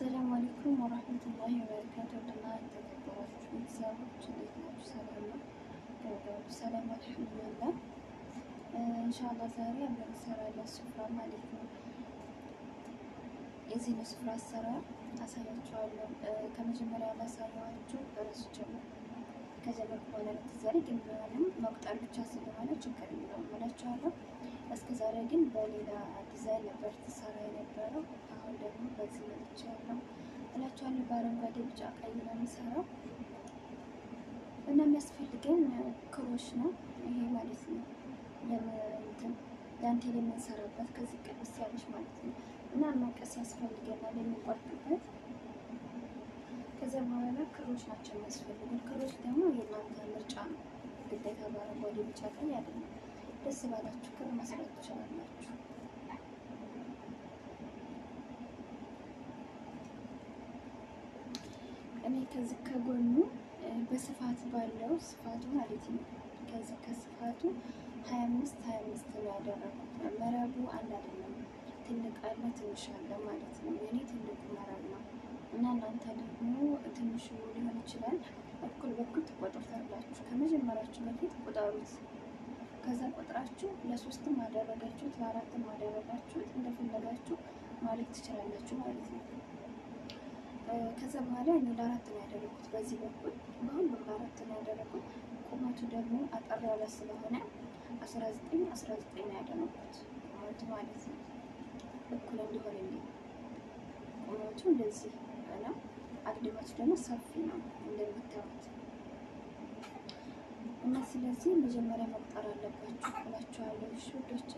አሰላሙ አለይኩም ወራህመቱላሂ ወበረካቱ። እና የተከበራችሁ ቤተሰቦች እንዴት ናችሁ? ሰላም ነው? ሰላም አልሐምዱሊላህ። ኢንሻአላህ ዛሬ አብረን እንሰራለን ስፍራ ማለት ነው። የዚህ ስፍራ አሰራር አሳያችኋለሁ። ከመጀመሪያ ላሳየኋችሁ በረስቼ ነው ከጀመርኩ በኋላ ልትዘረግ የሚሆንም መቁጠር ብቻ ስለሆነ ችግር የለውም እላችኋለሁ። እስከዛሬ ግን በሌላ ዲዛይን ነበር ተሰራ የነበረው። አሁን ደግሞ በዚህ መጥቼ ያለው እላቸዋለሁ። በአረንጓዴ ቢጫ ቀይ ነው የሚሰራው እና የሚያስፈልገን ክሮሽ ነው ይሄ ማለት ነው። ለምንትን ዳንቴል የምንሰራበት ከዚህ ቅድስ ያለች ማለት ነው እና መቀስ ያስፈልገናል የምንቆርጥበት። ከዚያ በኋላ ክሮች ናቸው የሚያስፈልጉን። ክሮች ደግሞ የእናንተ ምርጫ ነው ግዴታ በአረንጓዴ ቢጫ ቀይ አይደለም። ደስ ባላችሁ ክር መስራት ትችላላችሁ። እኔ ከዚህ ከጎኑ በስፋት ባለው ስፋቱ ማለት ነው። ከዚህ ከስፋቱ ሀያ አምስት ሀያ አምስት ነው ያደረኩት። መረቡ አንድ አይደለም፣ ትልቅ አለ ትንሽ አለ ማለት ነው። የኔ ትልቁ መረብ ነው እና እናንተ ደግሞ ትንሹ ሊሆን ይችላል። በኩል በኩል ትቆጥሩታላችሁ። ከመጀመሪያችሁ በፊት ቁጠሩት። ከዛ ቆጥራችሁ ለሶስት አደረጋችሁት ለአራት አደረጋችሁት እንደፈለጋችሁ ማድረግ ትችላላችሁ ማለት ነው። ከዛ በኋላ እኔ ለአራት ነው ያደረጉት በዚህ በኩል በሁሉም ለአራት ነው ያደረጉት። ቁመቱ ደግሞ አጠር ያለ ስለሆነ አስራ ዘጠኝ አስራ ዘጠኝ ነው ያደረጉት ቁመቱ ማለት ነው። እኩል እንዲሆንልኝ ቁመቱ እንደዚህ ነው። አግድመቱ ደግሞ ሰፊ ነው እንደሚታዩት እና ስለዚህ መጀመሪያ መቁጠር አለባችሁ እላችኋለሁ። እሺ ውዶች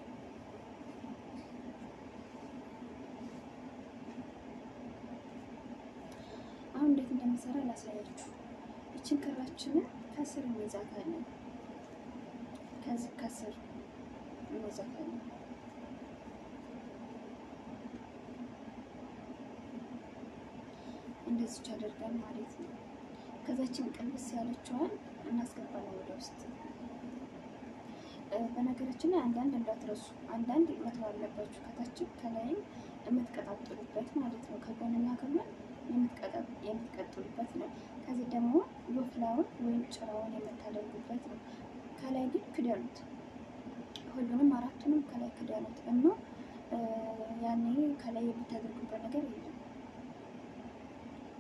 አሁን እንዴት እንደምሰራ ላሳያችሁ። እችን ክራችንን ከስር እንይዛታለን። ከዚህ ከስር እንይዛታለን። እንደዚች አደርጋል ማለት ነው። ከዛችን ቅልብስ ያለችዋል እናስገባለን ወደ ውስጥ። በነገራችን ላይ አንዳንድ እንዳትረሱ፣ አንዳንድ መተው አለባችሁ። ከታችም ከላይም የምትቀጣጥሉበት ማለት ነው። ከጎንና ከጎን የምትቀጥሉበት ነው። ከዚህ ደግሞ ወፍላውን ወይም ጭራውን የምታደርጉበት ነው። ከላይ ግን ክደሉት፣ ሁሉንም አራቱንም ከላይ ክደሉት እና ያኔ ከላይ የምታደርጉበት ነገር የለም፣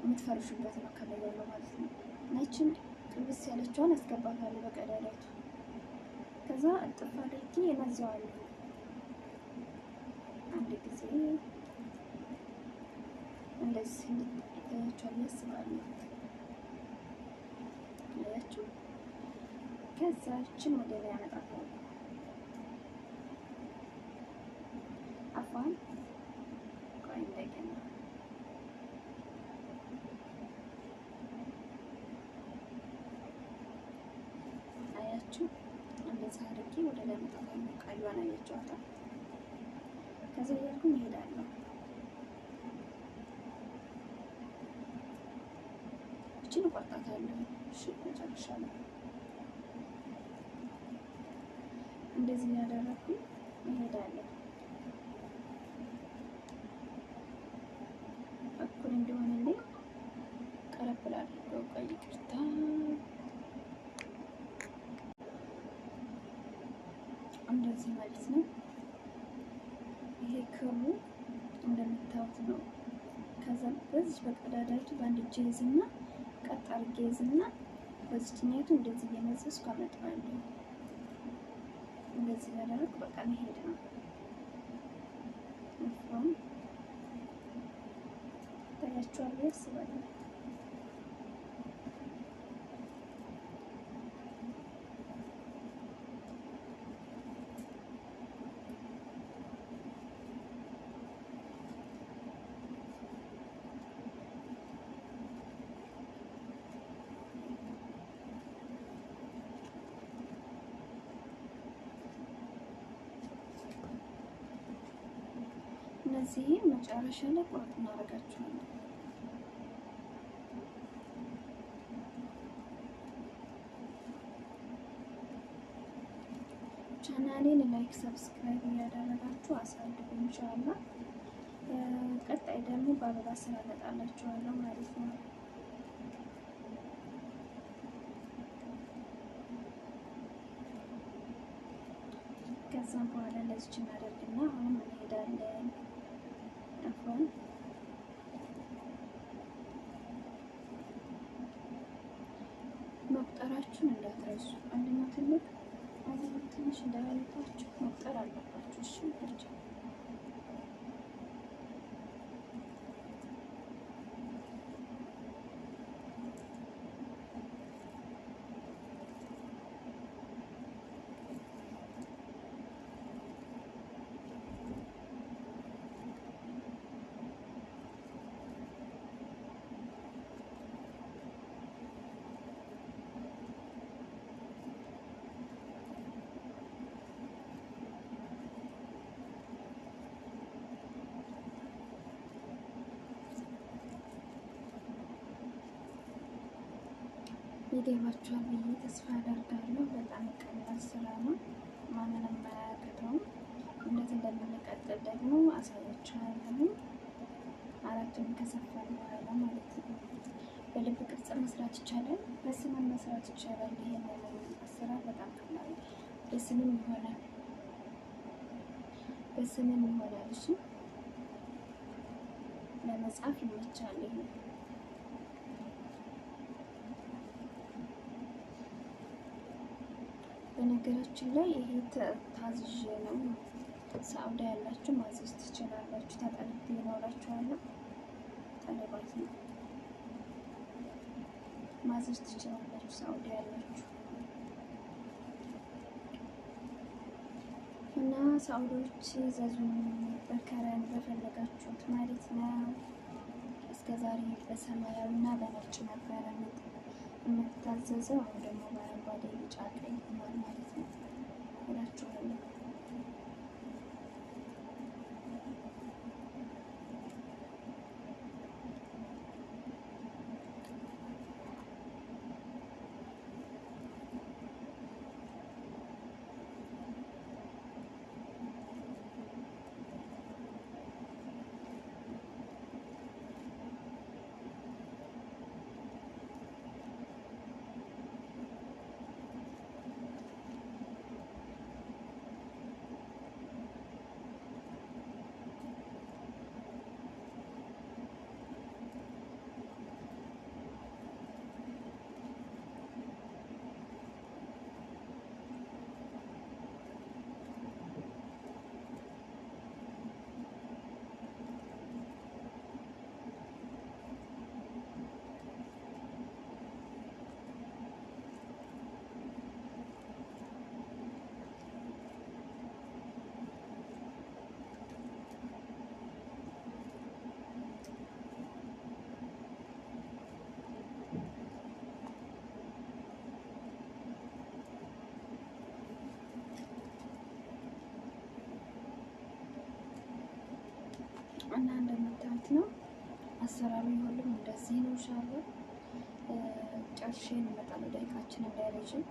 የምትፈርሹበት ነው ከላይ ያለው ማለት ነው ነችን ጥብስ ያለችውን አስገባታለሁ በቀዳዳቱ። ከዛ እጥፍ አድርጌ እመዘዋለሁ አንድ ጊዜ እንደዚህ እንድትጠቀያቸው አስባለሁ። ያችሁ ከዛችን ወደ ላይ ያመጣታለሁ አፏን ተቀምጣ ከዚህ እያልኩኝ እሄዳለሁ። እችን እቆርጣታለሁ። እሺ መጨረሻለሁ። እንደዚህ ያደረኩኝ እሄዳለሁ። እኩል እንዲሆንልኝ ቅርጽ እነዚህ ማለት ነው። ይሄ ክሩ እንደምታዩት ነው። ከዛ በዚህ በቀዳዳቱ በአንድ እጅ ይዝና ቀጥ አርጌ ይዝና በዚህኛቱ እንደዚህ እየመዘዝኩ አመጣዋለሁ። እንደዚህ ያደረኩ በቃ መሄድ ነው። ታያችኋለሁ ያስባለሁ ስለዚህ መጨረሻ ላይ ቁርጥ እናደርጋችኋለን። ቻናሌን ላይክ፣ ሰብስክራይብ እያደረጋችሁ አሳልፉ። እንሻላ ቀጣይ ደግሞ በአበባ ስራ እመጣላችኋለሁ ማለት ነው። ከዛም በኋላ ለዚች እናደርግና አሁንም እንሄዳለን። አልፎም መቁጠራችሁን እንዳትረሱ። አንደኛ ትልቅ አንደኛ ትንሽ እንዳያለባችሁ መቁጠር አለባችሁ። እሺ ናቸው ይደማችኋል ብዬ ተስፋ አደርጋለሁ። በጣም ቀላል ስራ ነው፣ ማንንም አያቅተውም። እንዴት እንደምንቀጥል ደግሞ አሳያችኋለሁ። አራቱን ከሰፋ በኋላ ማለት ነው። በልብ ቅርጽ መስራት ይቻላል፣ በስምን መስራት ይቻላል። ይሄን ስራ በጣም ቀላል በስምም ይሆናል፣ በስምም ይሆናል። እሺ ለመጻፍ ይመቻል ይሄ በነገራችን ላይ ይሄ ታዝዤ ነው። ሳውዲ ያላችሁ ማዘዝ ትችላላችሁ። ተጠልቤ ይኖራችኋለሁ። ጠለባት ነው ማዘዝ ትችላላችሁ። ሳውዲ ያላችሁ እና ሳውዲዎች ዘዙን በከረን በፈለጋችሁት ማለት ነው። እስከዛሬ በሰማያዊ እና በነጭ ነበረ የምትታዘዘው አሁን ደግሞ በአረንጓዴ ቢጫ ቀይ ሆኗል ማለት ነው። ሁላችሁንም እና እንደምታዩት ነው አሰራሩ። ሁሉም እንደዚህ ነው። ሻለ ጨርሼ እንመጣለን። ደቂቃችን እንዳይረጅም